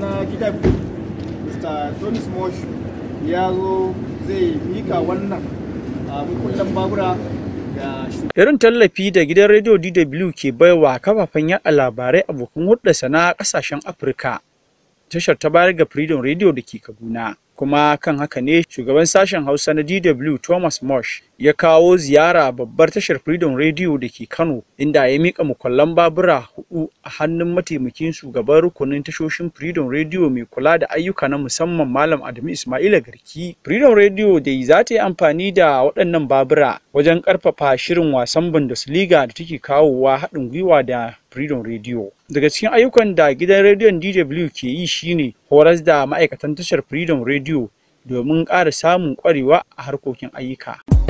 na gida mr tonis mosh ya zo zai mika wannan mukullan babura Irin tallafi da gidan Radio DW ke baiwa kafafen yaɗa labarai abokan hulɗarsa na ƙasashen Afirka, tashar ta bayar ga Freedom Radio da ke Kaduna. kuma kan haka ne shugaban sashen hausa na dw thomas mosh ya kawo ziyara babbar tashar freedom radio da ke kano inda ya mika mukullan babura hudu a hannun mataimakin shugaban rukunin tashoshin freedom radio mai kula da ayyuka na musamman malam adamu ismaila garki freedom radio da za ta yi amfani da waɗannan babura wajen ƙarfafa shirin wasan bundesliga da take kawowa haɗin gwiwa da freedom radio daga cikin ayyukan da gidan rediyon dw ke yi shine horas da ma'aikatan tashar freedom radio bidiyo domin ƙara samun ƙwarewa a harkokin ayyuka.